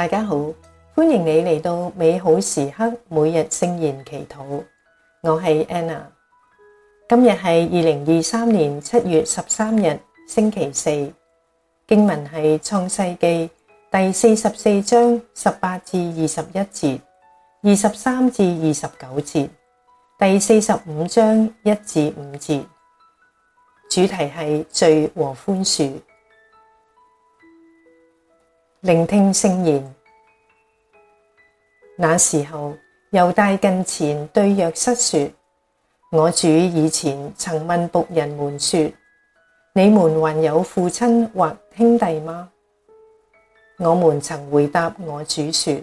大家好，歡迎你嚟到美好時刻每日聖言祈禱。我係 Anna，今日係二零二三年七月十三日星期四。經文係創世紀第四十四章十八至二十一節、二十三至二十九節、第四十五章一至五節。主題係罪和寬恕。聆聽聖言。那時候，猶大近前對若瑟說：我主以前曾問僕人們說：你們還有父親或兄弟嗎？我們曾回答我主說：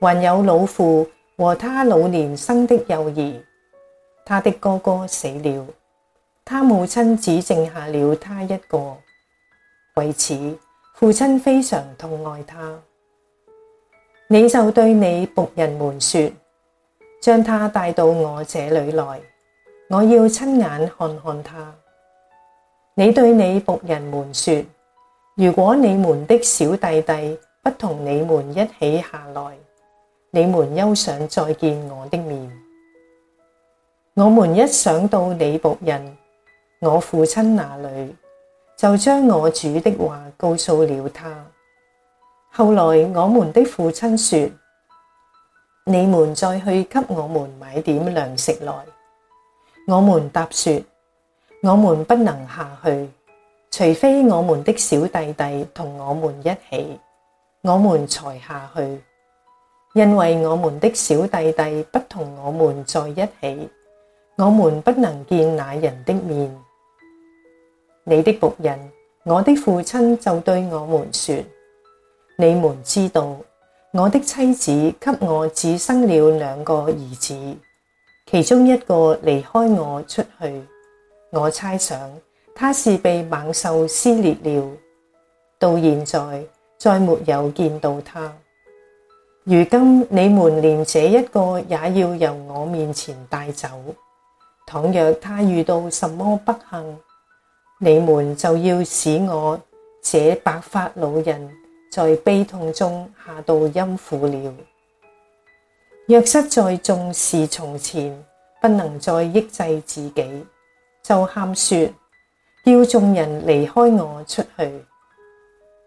還有老父和他老年生的幼兒。他的哥哥死了，他母親只剩下了他一個。為此。父親非常疼愛他，你就對你僕人們說：將他帶到我這裡來，我要親眼看看他。你對你僕人們說：如果你們的小弟弟不同你們一起下來，你們休想再見我的面。我們一想到你僕人，我父親那裡。就將我主的話告訴了他。後來我們的父親說：你們再去給我們買點糧食來。我們答說：我們不能下去，除非我們的小弟弟同我們一起，我們才下去。因為我們的小弟弟不同我們在一起，我們不能見那人的面。你的僕人，我的父親就對我們說：你們知道，我的妻子給我只生了兩個兒子，其中一個離開我出去，我猜想他是被猛獸撕裂了，到現在再沒有見到他。如今你們連這一個也要由我面前帶走，倘若他遇到什麼不幸，你們就要使我這白髮老人在悲痛中下到陰府了。若瑟在眾侍從前，不能再抑制自己，就喊説，叫眾人離開我出去。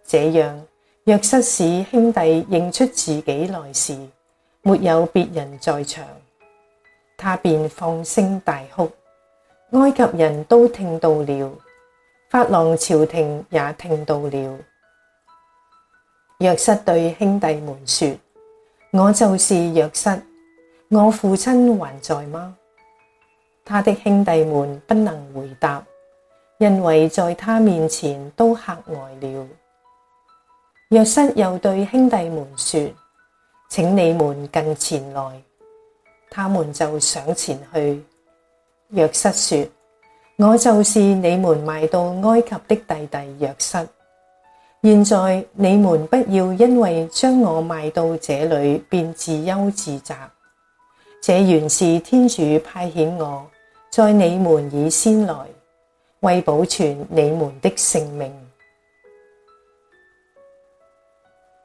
這樣，若瑟使兄弟認出自己來時，沒有別人在場，他便放聲大哭。埃及人都聽到了。法郎朝廷也聽到了，若瑟對兄弟們說：我就是若瑟，我父親還在嗎？他的兄弟們不能回答，因為在他面前都嚇呆了。若瑟又對兄弟們說：請你們近前來。他們就上前去。若瑟說。我就是你們賣到埃及的弟弟若瑟，現在你們不要因為將我賣到這裏便自憂自責，這原是天主派遣我，在你們以先來，為保存你們的性命。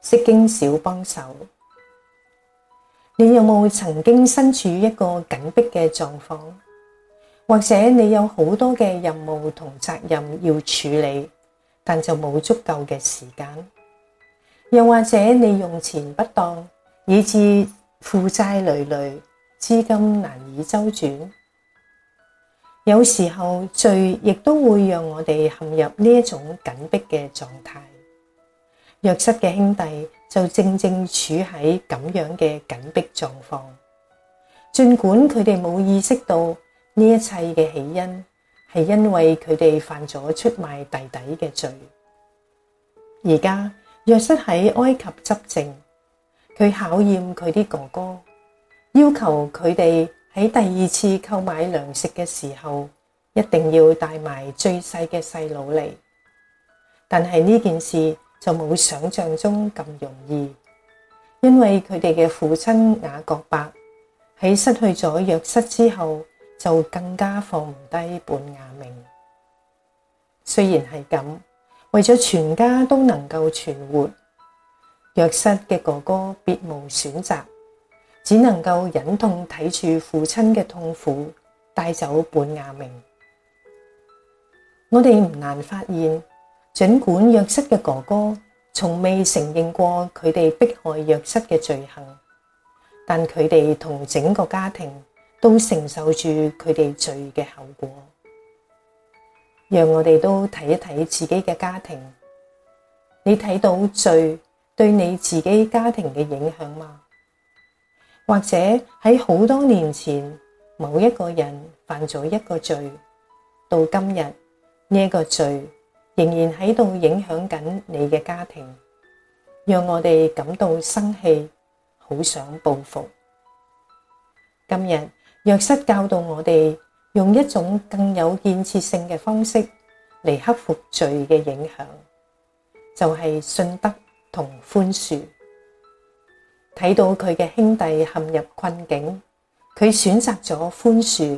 釋經小幫手，你有冇曾經身處一個緊迫的狀況？或者你有好多嘅任務同責任要處理，但就冇足夠嘅時間；又或者你用錢不當，以致負債累累，資金難以周轉。有時候罪亦都會讓我哋陷入呢一種緊迫嘅狀態。若瑟嘅兄弟就正正處喺咁樣嘅緊迫狀況，盡管佢哋冇意識到。呢一切嘅起因係因為佢哋犯咗出賣弟弟嘅罪。而家若瑟喺埃及執政，佢考驗佢啲哥哥，要求佢哋喺第二次購買糧食嘅時候，一定要帶埋最細嘅細佬嚟。但係呢件事就冇想象中咁容易，因為佢哋嘅父親雅各伯喺失去咗若瑟之後。就更加放唔低本雅明。雖然係咁，為咗全家都能夠存活，若瑟嘅哥哥別無選擇，只能夠忍痛睇住父親嘅痛苦，帶走本雅明。我哋唔難發現，儘管若瑟嘅哥哥從未承認過佢哋迫害若瑟嘅罪行，但佢哋同整個家庭。都承受住佢哋罪嘅後果，讓我哋都睇一睇自己嘅家庭。你睇到罪對你自己家庭嘅影響嗎？或者喺好多年前某一個人犯咗一個罪，到今日呢個罪仍然喺度影響緊你嘅家庭，讓我哋感到生氣，好想報復。今日。若瑟教導我哋用一種更有建設性的方式來克服罪的影響，就是信德同寬恕。睇到他的兄弟陷入困境，他選擇了寬恕，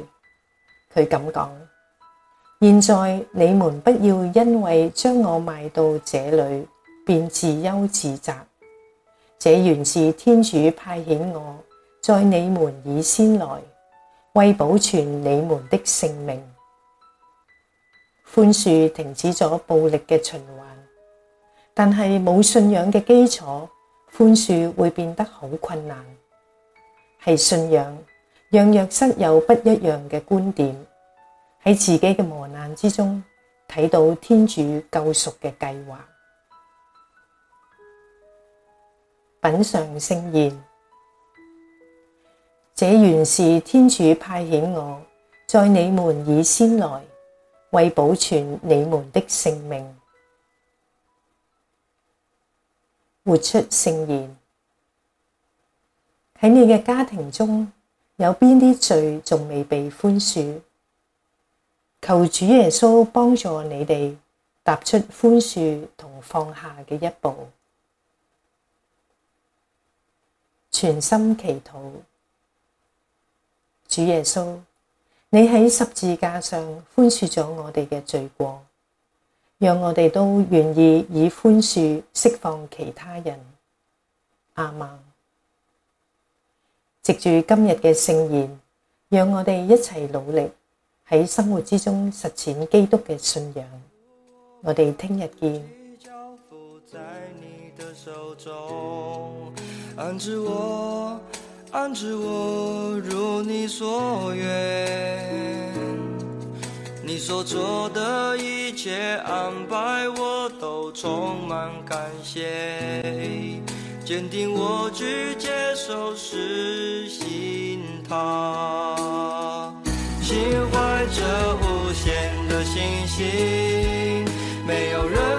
他噉講，現在你們不要因為將我賣到這裏，便自憂自責，這原是天主派遣我，在你們以先來，為保存你們的性命，寬恕停止咗暴力嘅循環，但係冇信仰嘅基礎，寬恕會變得好困難。係信仰讓若瑟有不一樣嘅觀點，喺自己嘅磨難之中睇到天主救贖嘅計劃，品嚐聖言。這原是天主派遣我，在你們以先來，為保存你們的性命，活出聖言。喺你嘅家庭中有邊啲罪仲未被寬恕？求主耶穌幫助你哋踏出寬恕同放下嘅一步，全心祈禱。主耶穌，你喺十字架上寬恕咗我哋嘅罪過，讓我哋都願意以寬恕釋放其他人。阿媽，藉住今日嘅聖言，讓我哋一齊努力喺生活之中實踐基督嘅信仰。我哋聽日見。安置我如你所願，你所做的一切安排我都充滿感謝，堅定我去接受是信他，心懷着無限的信心，沒有人。